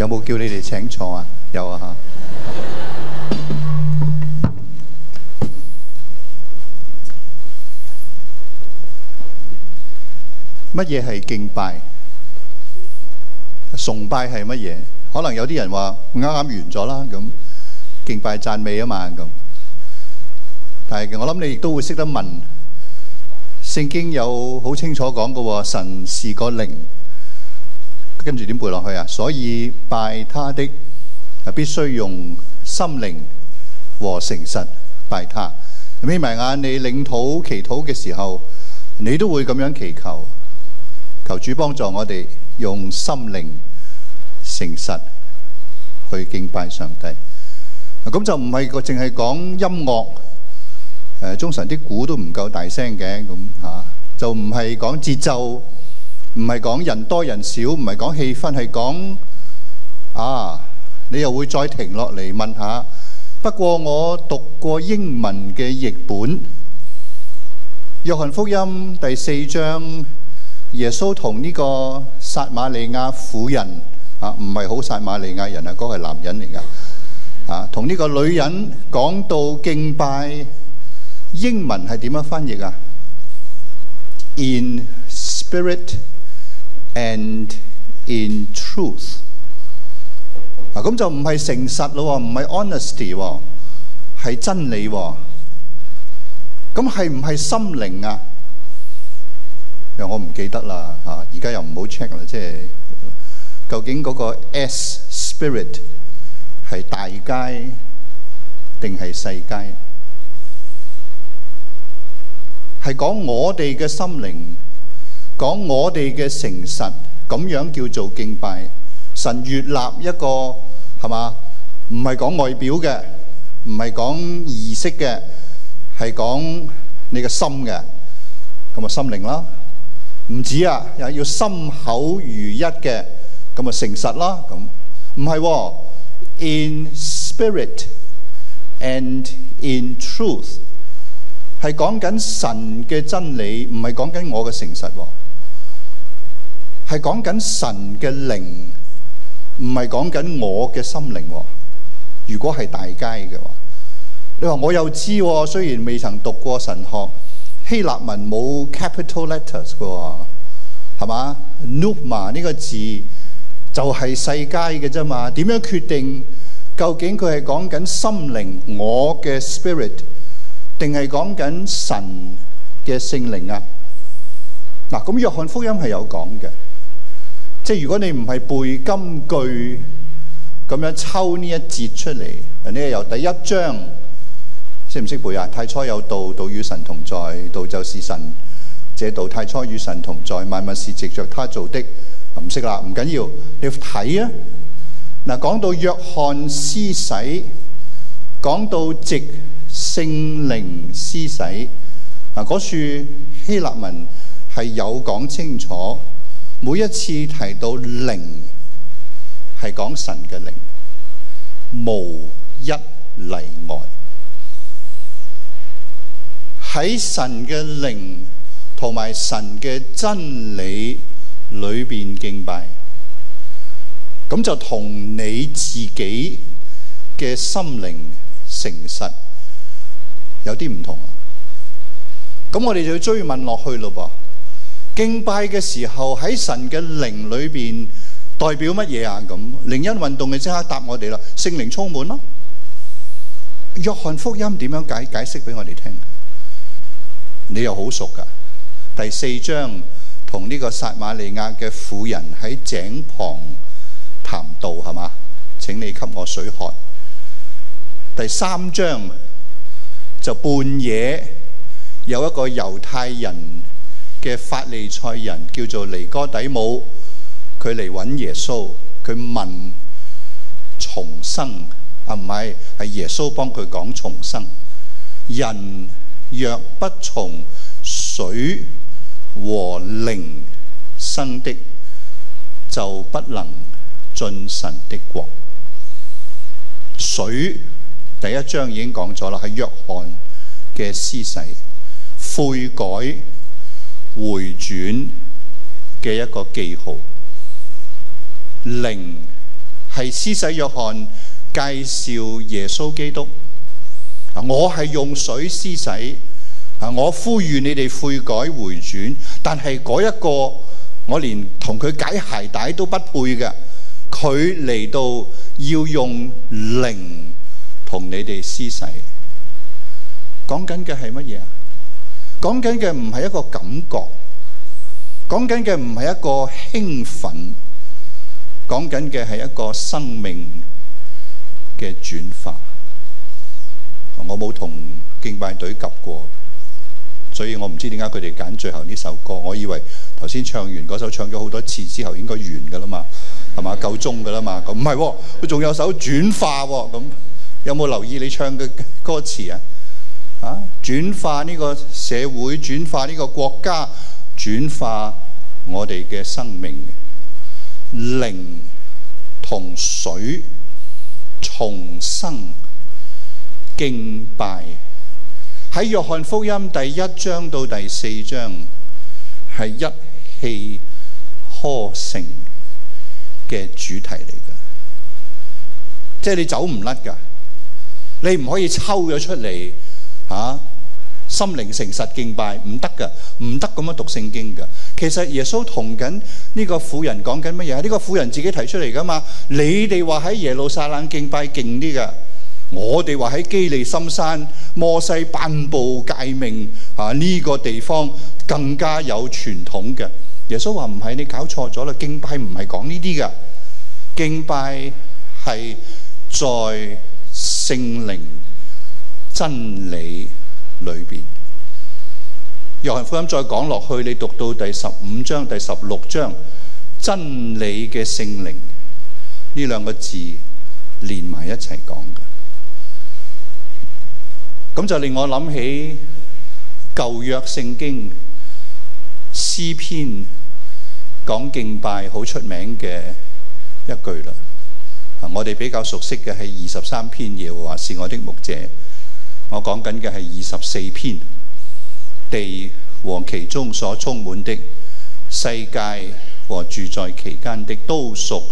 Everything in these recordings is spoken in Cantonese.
有冇叫你哋請坐啊？有啊嚇。乜嘢係敬拜？崇拜係乜嘢？可能有啲人話啱啱完咗啦，咁敬拜讚美啊嘛咁。但係我諗你亦都會識得問，聖經有好清楚講過，神是個靈。跟住點背落去啊？所以拜他的啊，必須用心靈和誠實拜他。眯埋眼，你領禱祈禱嘅時候，你都會咁樣祈求，求主幫助我哋用心靈誠實去敬拜上帝。咁就唔係個淨係講音樂，誒，中神啲鼓都唔夠大聲嘅咁嚇，就唔係講節奏。唔係講人多人少，唔係講氣氛，係講啊！你又會再停落嚟問下。不過我讀過英文嘅譯本《約翰福音》第四章，耶穌同呢個撒瑪利亞婦人啊，唔係好撒瑪利亞人啊，嗰個係男人嚟㗎啊，同呢個女人講到敬拜英文係點樣翻譯啊？In Spirit。And in truth，嗱，咁就唔係誠實咯，唔係 honesty，係真理。咁係唔係心靈啊？我唔記得啦，吓而家又唔好 check 啦，即係究竟嗰個 S spirit 係大楷定係細楷？係講我哋嘅心靈。講我哋嘅誠實，咁樣叫做敬拜。神越立一個係嘛，唔係講外表嘅，唔係講儀式嘅，係講你嘅心嘅，咁啊心靈啦。唔止啊，又要心口如一嘅，咁啊誠實啦。咁唔係，in spirit and in truth 係講緊神嘅真理，唔係講緊我嘅誠實。係講緊神嘅靈，唔係講緊我嘅心靈、哦。如果係大楷嘅話，你話我又知、哦，雖然未曾讀過神學，希臘文冇 capital letters 嘅、哦，係嘛？pneuma 呢個字就係細楷嘅啫嘛。點樣決定究竟佢係講緊心靈我嘅 spirit，定係講緊神嘅聖靈啊？嗱，咁約翰福音係有講嘅。即係如果你唔係背金句咁樣抽呢一節出嚟，你係由第一章識唔識背啊？太初有道，道與神同在，道就是神，這道太初與神同在，萬物是藉着他做的。唔識啦，唔緊要，你睇啊。嗱、啊，講到約翰施洗，講到藉聖靈施洗，嗱、啊、嗰處希臘文係有講清楚。每一次提到靈，係講神嘅靈，無一例外。喺神嘅靈同埋神嘅真理裏邊敬拜，咁就同你自己嘅心靈誠實有啲唔同啊！咁我哋就要追問落去咯噃。敬拜嘅時候，喺神嘅靈裏邊代表乜嘢啊？咁靈恩運動嘅即刻答我哋啦，聖靈充滿咯。約翰福音點樣解解釋俾我哋聽？你又好熟噶，第四章同呢個撒瑪利亞嘅婦人喺井旁談道係嘛？請你給我水喝。第三章就半夜有一個猶太人。嘅法利賽人叫做尼哥底母，佢嚟搵耶穌，佢問重生，啊唔係，係耶穌幫佢講重生，人若不從水和靈生的，就不能進神的國。水第一章已經講咗啦，係約翰嘅施洗悔改。回轉嘅一個記號，靈係施洗約翰介紹耶穌基督。我係用水施洗，我呼籲你哋悔改回轉。但係嗰一個，我連同佢解鞋帶都不配嘅，佢嚟到要用靈同你哋施洗。講緊嘅係乜嘢啊？講緊嘅唔係一個感覺，講緊嘅唔係一個興奮，講緊嘅係一個生命嘅轉化。我冇同敬拜隊夾過，所以我唔知點解佢哋揀最後呢首歌。我以為頭先唱完嗰首唱咗好多次之後應該完噶啦嘛，係嘛？夠鐘噶啦嘛。唔係，啊，佢仲有首轉化咁，啊，有冇留意你唱嘅歌詞啊？啊！轉化呢個社會，轉化呢個國家，轉化我哋嘅生命。嘅靈同水重生，敬拜喺約翰福音第一章到第四章係一氣呵成嘅主題嚟㗎，即係你走唔甩㗎，你唔可以抽咗出嚟。啊！心靈誠實敬拜唔得噶唔得咁樣讀聖經噶。其實耶穌同緊呢個婦人講緊乜嘢？呢個婦人自己提出嚟噶嘛？你哋話喺耶路撒冷敬拜勁啲噶我哋話喺基利心山、摩西頒布誡命啊，呢個地方更加有傳統嘅。耶穌話唔係，你搞錯咗啦，敬拜唔係講呢啲噶敬拜係在聖靈。真理裏邊，約翰福音再講落去，你讀到第十五章，第十六章，真理嘅聖靈呢兩個字連埋一齊講嘅，咁就令我諗起舊約聖經詩篇講敬拜好出名嘅一句啦。我哋比較熟悉嘅係二十三篇，耶和華是我的牧者。我講緊嘅係二十四篇，地和其中所充滿的，世界和住在其間的都屬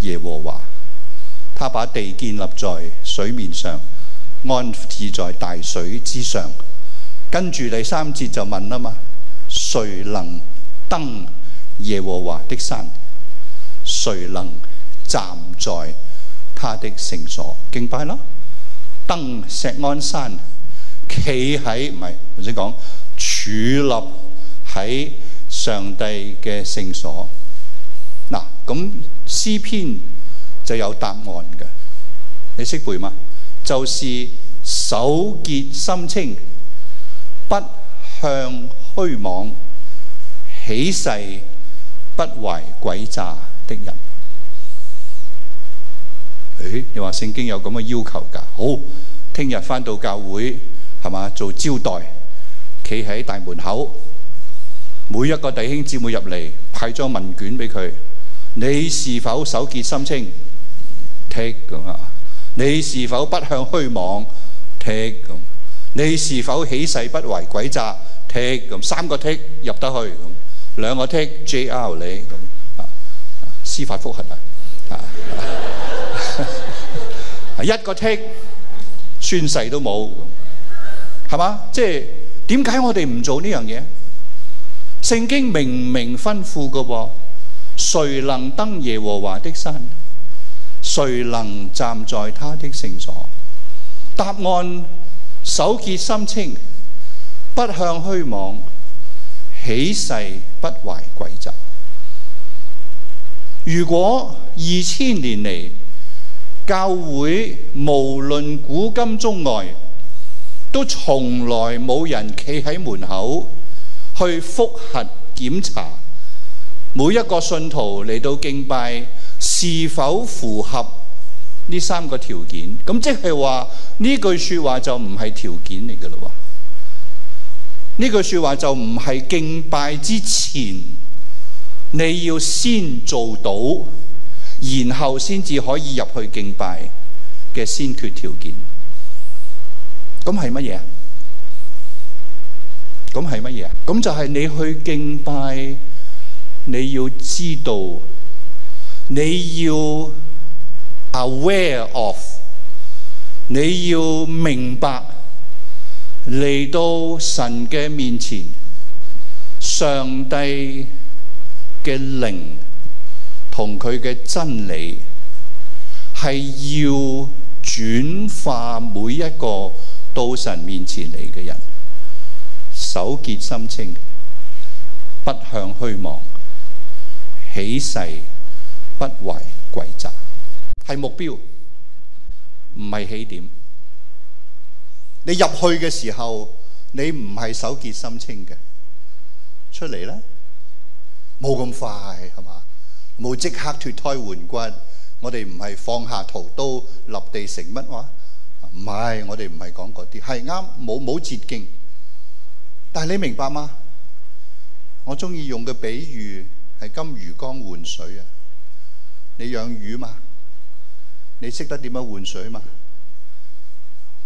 耶和華。他把地建立在水面上，安置在大水之上。跟住第三節就問啦嘛：誰能登耶和華的山？誰能站在他的聖所敬拜啦？登石安山，企喺唔係，頭先講，矗立喺上帝嘅聖所。嗱，咁詩篇就有答案嘅，你識背嗎？就是手潔心清，不向虛妄，起誓不為詭詐的人。誒，你話聖經有咁嘅要求㗎？好，聽日返到教會係咪做招待，企喺大門口，每一個弟兄姊妹入嚟派張問卷俾佢，你是否手潔心清？take 咁啊？你是否不向虛妄？take 咁？你是否起誓不為詭詐？take 咁，三個 take 入得去，咁兩個 take JR 你，咁啊司法複核啊啊！一個剔算細都冇，係嘛？即係點解我哋唔做呢樣嘢？聖經明明吩咐嘅噃，誰能登耶和華的山？誰能站在他的聖所？答案：手潔心清，不向虛妄，起誓不懷詭詐。如果二千年嚟，教會無論古今中外，都從來冇人企喺門口去複核檢查每一個信徒嚟到敬拜是否符合呢三個條件。咁即係話呢句説話就唔係條件嚟嘅咯喎？呢句説話就唔係敬拜之前你要先做到。然後先至可以入去敬拜嘅先決條件，咁係乜嘢啊？咁係乜嘢啊？咁就係你去敬拜，你要知道，你要 aware of，你要明白，嚟到神嘅面前，上帝嘅靈。同佢嘅真理係要轉化每一個到神面前嚟嘅人，手潔心清，不向虛妄，起誓不懷詭詐，係目標，唔係起點。你入去嘅時候，你唔係手潔心清嘅，出嚟咧冇咁快，係嘛？冇即刻脱胎換骨，我哋唔係放下屠刀立地成乜話？唔係，我哋唔係講嗰啲，係啱，冇冇捷徑。但係你明白嗎？我鍾意用嘅比喻係金魚缸換水啊！你養魚嘛？你識得點樣換水嘛？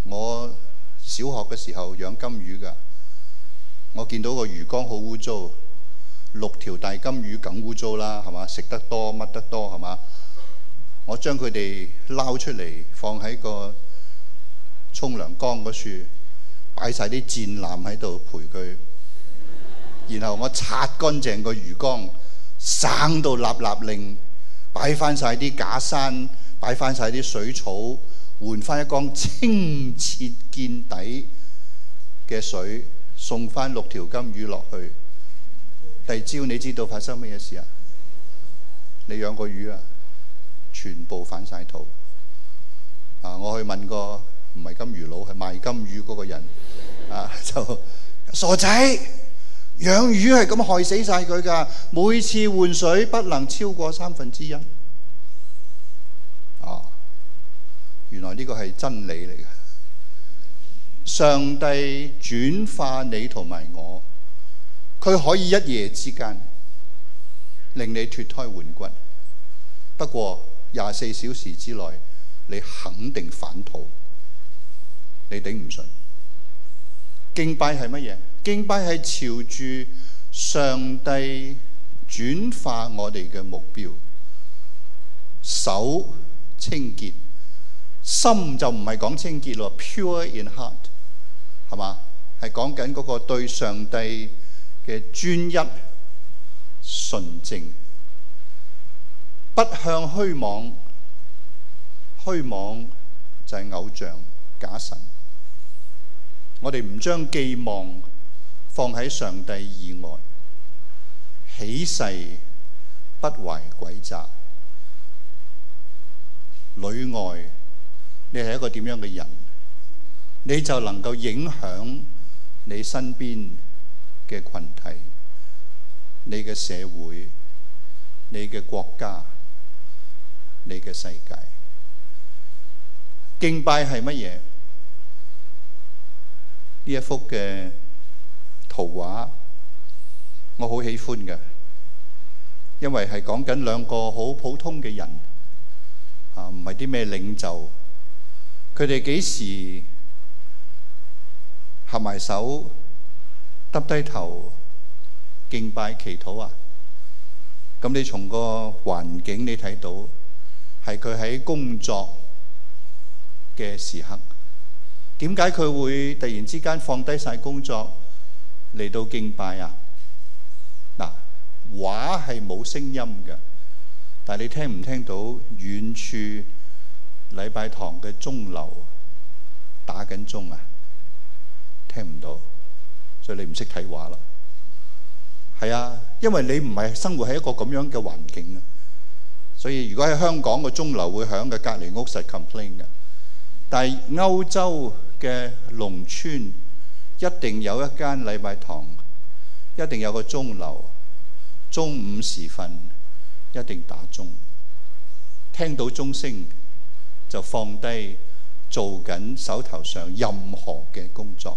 我小學嘅時候養金魚㗎，我見到個魚缸好污糟。六條大金魚梗污糟啦，係嘛？食得多，乜得多，係嘛？我將佢哋撈出嚟，放喺個沖涼缸嗰處，擺曬啲戰艦喺度陪佢。然後我擦乾淨個魚缸，省到立立令，擺翻晒啲假山，擺翻晒啲水草，換翻一缸清澈見底嘅水，送翻六條金魚落去。第二朝你知道發生乜嘢事啊？你養過魚啊？全部反晒肚啊！我去問過唔係金魚佬，係賣金魚嗰個人啊，就傻仔養魚係咁害死晒佢㗎！每次換水不能超過三分之一啊！原來呢個係真理嚟嘅，上帝轉化你同埋我。佢可以一夜之間令你脱胎換骨，不過廿四小時之內你肯定反肚，你頂唔順敬拜係乜嘢？敬拜係朝住上帝轉化我哋嘅目標，手清潔，心就唔係講清潔咯，pure in heart 係嘛？係講緊嗰個對上帝。嘅專一、純正，不向虛妄。虛妄就係偶像、假神。我哋唔將寄望放喺上帝以外，起誓不懷詭詐。裡外，你係一個點樣嘅人，你就能夠影響你身邊嘅群體，你嘅社會，你嘅國家，你嘅世界，敬拜係乜嘢？呢一幅嘅圖畫，我好喜歡嘅，因為係講緊兩個好普通嘅人，啊，唔係啲咩領袖，佢哋幾時合埋手？耷低頭敬拜祈禱啊！咁你從個環境你睇到係佢喺工作嘅時刻，點解佢會突然之間放低晒工作嚟到敬拜啊？嗱，話係冇聲音嘅，但係你聽唔聽到遠處禮拜堂嘅鐘樓打緊鐘啊？聽唔到。所以你唔識睇畫啦，係啊，因為你唔係生活喺一個咁樣嘅環境啊。所以如果喺香港個鐘樓會響嘅，個隔離屋實 complain 嘅，但係歐洲嘅農村一定有一間禮拜堂，一定有個鐘樓，中午時分一定打鐘，聽到鐘聲就放低做緊手頭上任何嘅工作。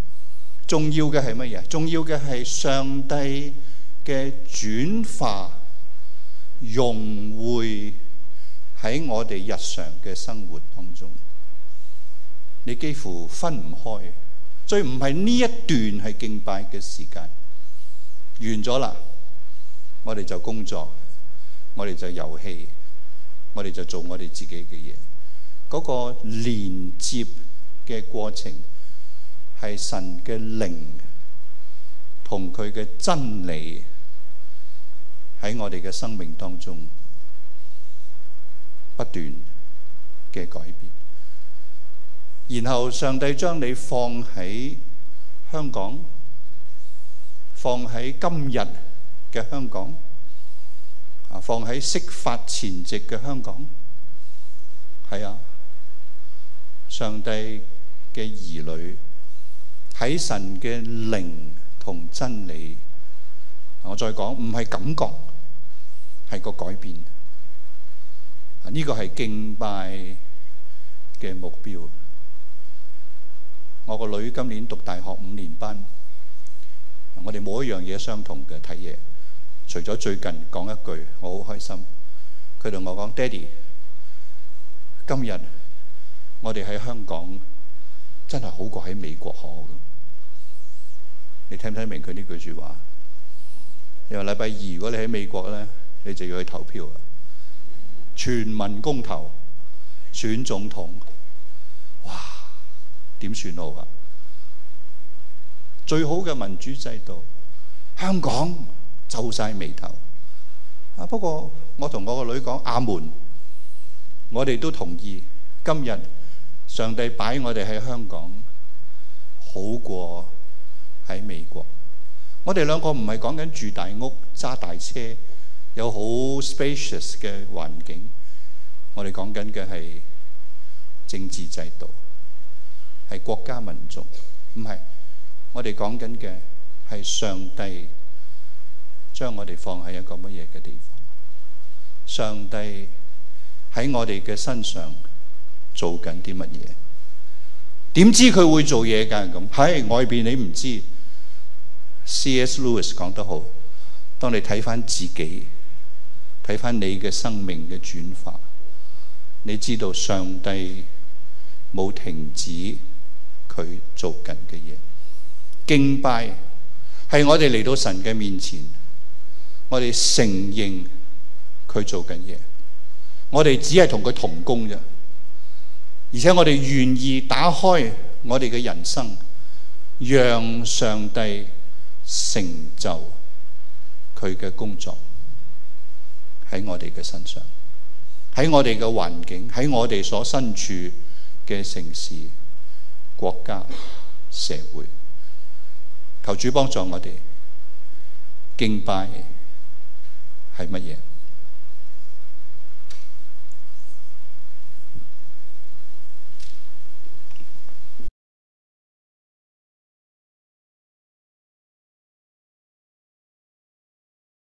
重要嘅係乜嘢？重要嘅係上帝嘅轉化融匯喺我哋日常嘅生活當中，你幾乎分唔開。所以唔係呢一段係敬拜嘅時間，完咗啦，我哋就工作，我哋就遊戲，我哋就做我哋自己嘅嘢。嗰個連接嘅過程。係神嘅靈同佢嘅真理喺我哋嘅生命當中不斷嘅改變，然後上帝將你放喺香港，放喺今日嘅香港啊，放喺釋法前夕嘅香港，係啊，上帝嘅兒女。睇神嘅靈同真理，我再講，唔係感覺，係個改變。呢個係敬拜嘅目標。我個女今年讀大學五年班，我哋冇一樣嘢相同嘅睇嘢。除咗最近講一句，我好開心，佢同我講：爹哋，今日我哋喺香港真係好過喺美國可。你聽唔聽明佢呢句説話？你話禮拜二如果你喺美國咧，你就要去投票啦，全民公投選總統，哇點算好啊？最好嘅民主制度，香港皺晒眉頭。啊不過我同我個女講，阿門，我哋都同意今日上帝擺我哋喺香港好過。喺美國，我哋兩個唔係講緊住大屋、揸大車，有好 spacious 嘅環境。我哋講緊嘅係政治制度，係國家民族，唔係。我哋講緊嘅係上帝將我哋放喺一個乜嘢嘅地方？上帝喺我哋嘅身上做緊啲乜嘢？點知佢會做嘢噶咁喺外邊你唔知，C.S. Lewis 講得好，當你睇翻自己，睇翻你嘅生命嘅轉化，你知道上帝冇停止佢做緊嘅嘢。敬拜係我哋嚟到神嘅面前，我哋承認佢做緊嘢，我哋只係同佢同工啫。而且我哋願意打開我哋嘅人生，讓上帝成就佢嘅工作喺我哋嘅身上，喺我哋嘅環境，喺我哋所身處嘅城市、國家、社會，求主幫助我哋。敬拜係乜嘢？